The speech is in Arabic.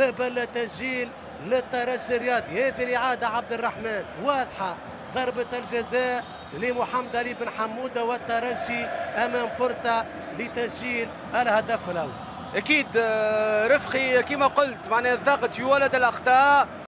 باب التسجيل تسجيل للترجي الرياضي هذه الاعاده عبد الرحمن واضحه ضربه الجزاء لمحمد علي بن حموده والترجي امام فرصه لتسجيل الهدف الاول اكيد آه، رفقي كما قلت معناها الضغط يولد الاخطاء